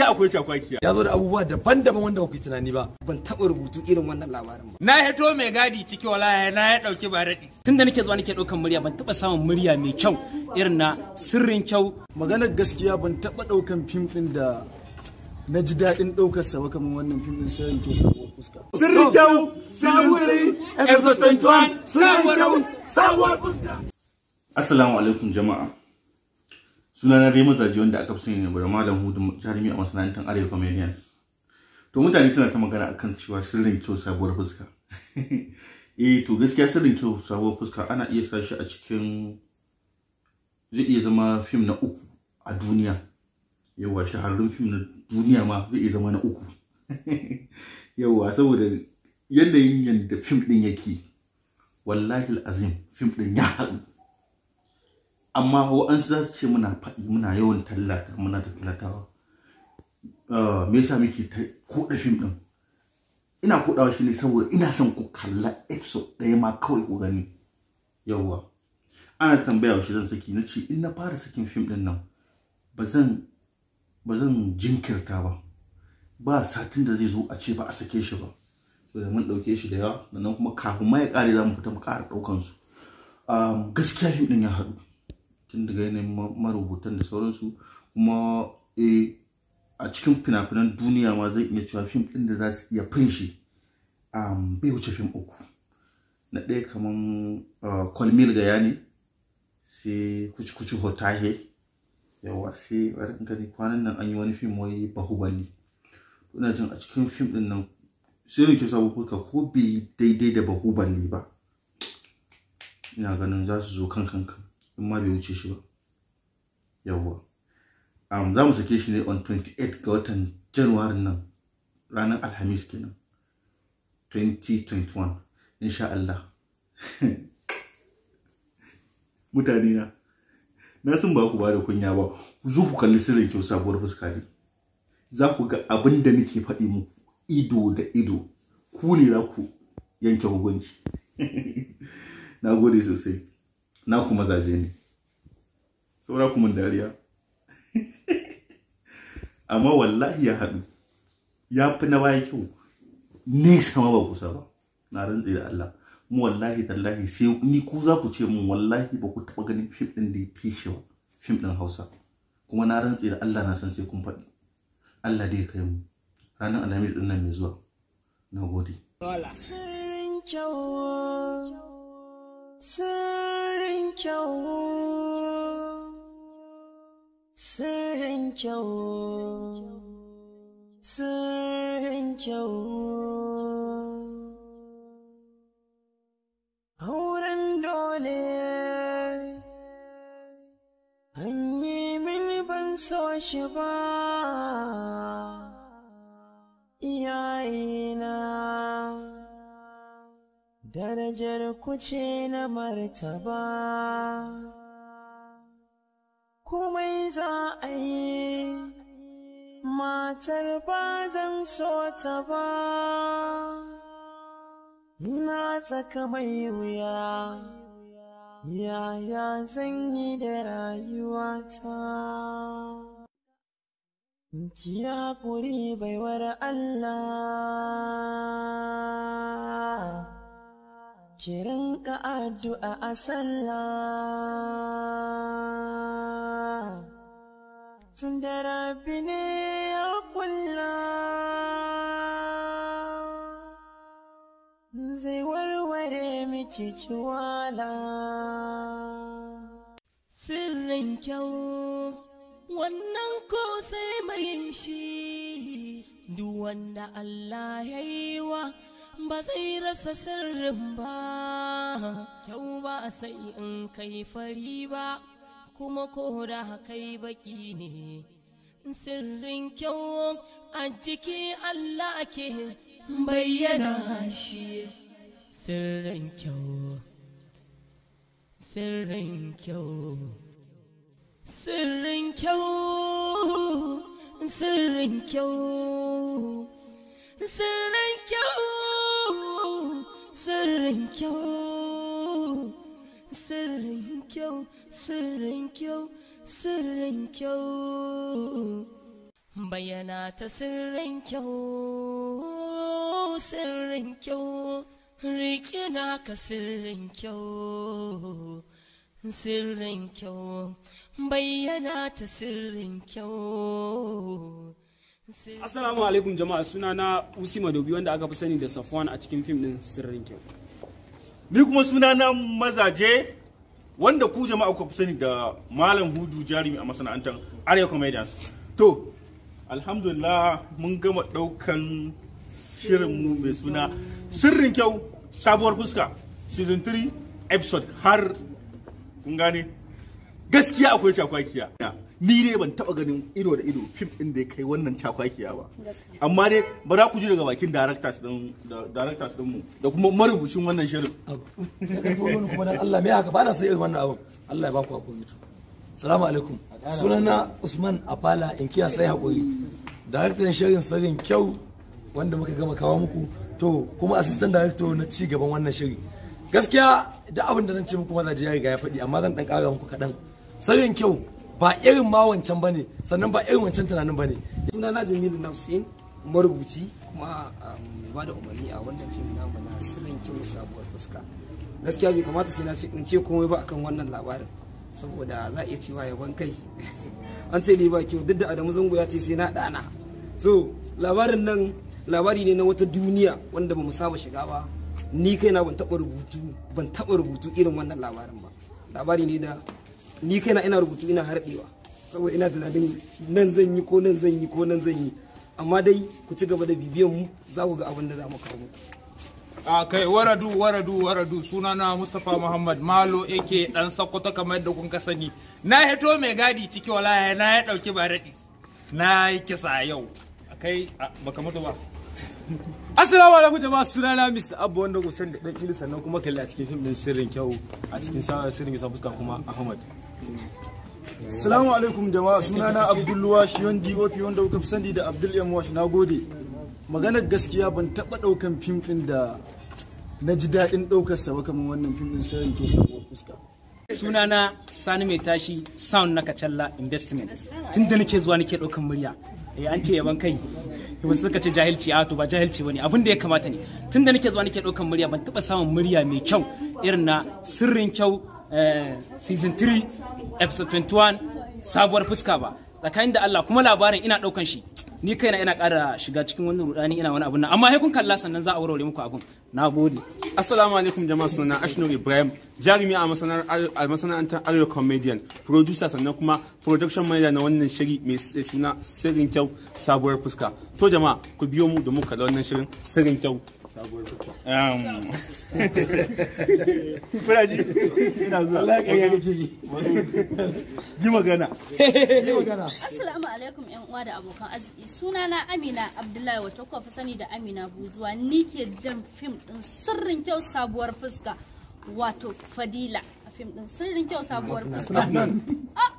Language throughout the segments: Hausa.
gaskiya akwai kiya. ya zo da abubuwa daban-daban wanda kuke tunani ba ban taɓa rubutu irin wannan labarin ba na hito mai gadi ciki walaya na ya ɗauki ba tun da nake zuwa nake ɗaukan murya ban taɓa samun murya mai kyau irin na sirrin kyau maganar gaskiya ban taɓa ɗaukan fim da na ji daɗin ɗaukar sa kamar wannan fim ɗin sirrin kyau sabuwar fuska sirrin kyau sirri episode 21 sirrin kyau sabuwar fuska assalamu alaikum jama'a sunana dai Zaji wanda aka fi sani da malam hudu jarumi a masana'antar arewa comedians to mutane suna ta magana akan cewa sirrin kyau sabuwar fuska eh to gaskiya sirrin kyau sabuwar fuska ana iya sa shi a cikin zai iya zama fim na uku a duniya yawa shahararrun fim na duniya ma zai iya zama na uku yawa saboda yanayin yadda fim din yake wallahi azim fim ɗin ya haɗu amma ho an za su ce muna faɗi muna yawan tallata muna da ah, me yasa muke ta fim ɗin? ina kodawa shi ne saboda ina son ku kalla episode ɗaya ma kawai ku gani yawwa ana tambaya shi zan saki na ce in na fara sakin fim ɗin nan ba zan jinkirta ba ba satin da zai zo a ce ba a sake shi ba saboda mun ɗauke shi da yawa sannan kuma kafin ma ya ƙare za mu fita mu ƙara ɗaukansu gaskiya fim ɗin ya haɗu tun daga yanayin marubutan da sauransu kuma eh, a cikin fina-finan duniya ma zai iya cewa fim ɗin da za su iya fin shi bai wuce fim uku na ɗaya kamar ah, kwalmil ga yani sai kuci-kuci hotahe yawa sai a gani kwanan nan an yi wani fim wai bahubali ina jin a cikin fim ɗin nan sai ne ke sabu kuka ko bai daidai da bahubali ba ina ganin za su zo kan kankan in ma bai wuce shi ba yawwa um, za mu sake shi ne on 28 ga watan Januwari nan ranar alhamis kenan 2021 insha Allah mutane na na sun ba ku ba da kunya ba ku zo ku kalli sirrin kyau sabuwar fuska ne za ku ga abin da nake faɗi mu ido da ido ku ne za ku yanke hukunci na gode sosai na ku mazaje ne saura ku mun dariya amma wallahi ya haɗu ya fi na baya kyau nesa ma ba kusa ba na rantsi da Allah mu wallahi tallahi sai ni ku za ku ce mun wallahi ba ku taɓa ganin fim ɗin da ya ba fim ɗin Hausa kuma na rantsi da Allah na san sai kun faɗi Allah dai kai mu ranar alhamis ɗin nan mai zuwa na gode. kyau kyau sirrin kyau sirrin kyau auren dole an yi min ban so shi ba darajar ku ce na martaba komai za a yi matar ba zan so ta ba ina tsaka mai wuya yaya zan yi da rayuwata kiya kuri baiwar Allah kiran ka addu'a a sallah tun da rabi ne ya kulla zai warware miki kiwala sirrin kyau wannan ko sai mai shi duk wanda Allah ya yi wa ba zai rasa sirrin ba kyau ba sai in kai fari ba kuma ko da kai baki ne sirrin kyau a jiki Allah ke bayyana shi sirrin kyau sirrin kyau sirrin kyau sirrin kyau sirrin kyau sirrin kyau sirrin kyau sirrin kyau sirrin kyau bayyana ta sirrin kyau sirrin kyau rikina ka sirrin kyau sirrin kyau bayyana ta sirrin kyau Assalamu alaikum jama'a suna na Usi Madobi wanda aka fi sani da Safwan a cikin fim din Sirrin Kyau. Ni kuma suna na mazaje wanda ku jama'a ku fi sani da Malam Hudu Jarumi a masana'antar Arewa Comedians. To, alhamdulillah mun gama daukan shirin mu mai suna Sirrin Kyau sabuwar fuska season 3 episode har kun gane gaskiya akwai cakwakiya. ni dai ban taba ganin ido da ido fim din da ya kai wannan cakwakiya ba amma dai ba za ku ji daga bakin directors din directors din mu da kuma marubucin wannan shirin kuma dan Allah mai haka ba na sai irin wannan abin Allah ya ba ku hakuri to assalamu alaikum sunana Usman Afala in kiya sai hakuri director din shirin sirrin kyau wanda muka gama kawo muku to kuma assistant director na ci gaban wannan shiri gaskiya da abin da zan ce muku za ji ya riga ya faɗi amma zan dan ƙara muku kaɗan sirrin kyau ba irin ma wancan ba ne sannan ba irin wancan tunanin bane suna na Jamilu Nafsin marubuci kuma um, mai da umarni a wannan fim namu na sirrin kimu sabuwar fuska gaskiya bai kamata sai na ce in ce komai ba akan wannan labarin saboda za a iya cewa ya ban kai an ce ne ba kyau duk da Adamu Zango ya ce sai na dana so labarin nan labari ne na wata duniya wanda ba mu saba shiga ba ni kaina ban taba rubutu ban taba rubutu irin wannan labarin ba labari ne da ni na ina rubutu ina harɗewa saboda ina tunanin nan zan yi ko nan zan yi ko nan zan yi amma dai ku ci gaba da bibiyan mu za ku ga abin da za mu kawo a kai waradu waradu waradu sunana mustapha muhammad malo ake dan sakkwato kamar yadda kun ka sani na hito mai gadi ciki walaya na ya dauki ba na yi kisa yau kai baka mutu ba Assalamu alaikum jama'a sunana Mr. Abba wanda ku san da dan sannan kuma kalli a cikin fim sirrin kyau a cikin sirrin bisa fuska kuma Ahmad Assalamu alaikum jama'a sunana Abdul Wash yon DOP wanda kuka fi sani da Abdul M Wash nagode. Maganar gaskiya ban taba daukan fim ɗin da na ji daɗin daukar sa ba kamar wannan fim ɗin sai to sabuwar fuska. Sunana Sani mai tashi Sound na Kacalla Investment. Tunda nake zuwa nake daukan murya. Eh an ce yaban kai. wasu suka ce jahilci a to ba jahilci bane abin da ya kamata ne tunda nake zuwa nake daukan murya ban taba samun murya mai kyau irin na sirrin kyau eh, season 3 episode 21 sabuwar fuska ba tsakanin da Allah kuma labarin ina daukan shi ni kaina ina ƙara shiga cikin wannan rudani ina wani abun nan amma kun kalla sannan za a warware muku abun nagode assalamu alaikum jama'a suna Ashnur Ibrahim jarumi a masana'antar Arewa comedian producer sannan kuma production manager na wannan shiri mai suna sirrin kyau sabuwar fuska to jama'a ku biyo mu da muka kalla wannan shirin sirrin kyau Kuna ji? Ina zuwa. Allah ya kake yi. Yi magana. Yi magana. Assalamu alaikum ƴan uwa da abokan arziki. Sunana Amina Abdullahi wato ko fa sani da Amina Buzuwa. Ni ke jan film din sirrin kyau sabuwar fuska wato Fadila. a film din sirrin kyau sabuwar fuska. Ah,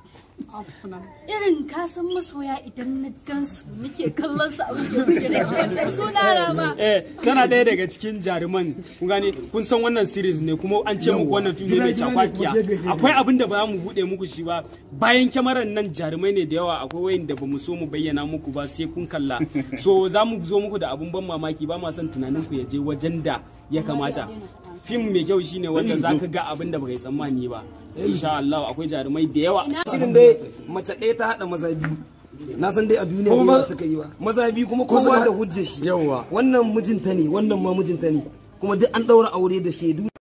irin ka san masoya idan na gansu nake kallon su eh tana daya daga cikin jaruman kun gane kun san wannan series ne kuma an ce muku wannan film ne mai chakwakiya akwai abin da ba mu bude muku shi ba bayan kyamarar nan jarumai ne da yawa akwai wayin da bamu so mu bayyana muku ba sai kun kalla so za mu zo muku da abun ban mamaki ba ma son tunanin ku ya je wajen da ya kamata fim mai kyau shine wanda za ka ga abin da baka tsammani ba insha Allah akwai jarumai da yawa shirin dai mace ɗaya ta hada maza biyu na san dai a duniya ne wasu yi ba maza biyu kuma kowa da hujjar shi yawa wannan mijinta ne wannan ma mijinta ne kuma duk an ɗaura aure da shaidu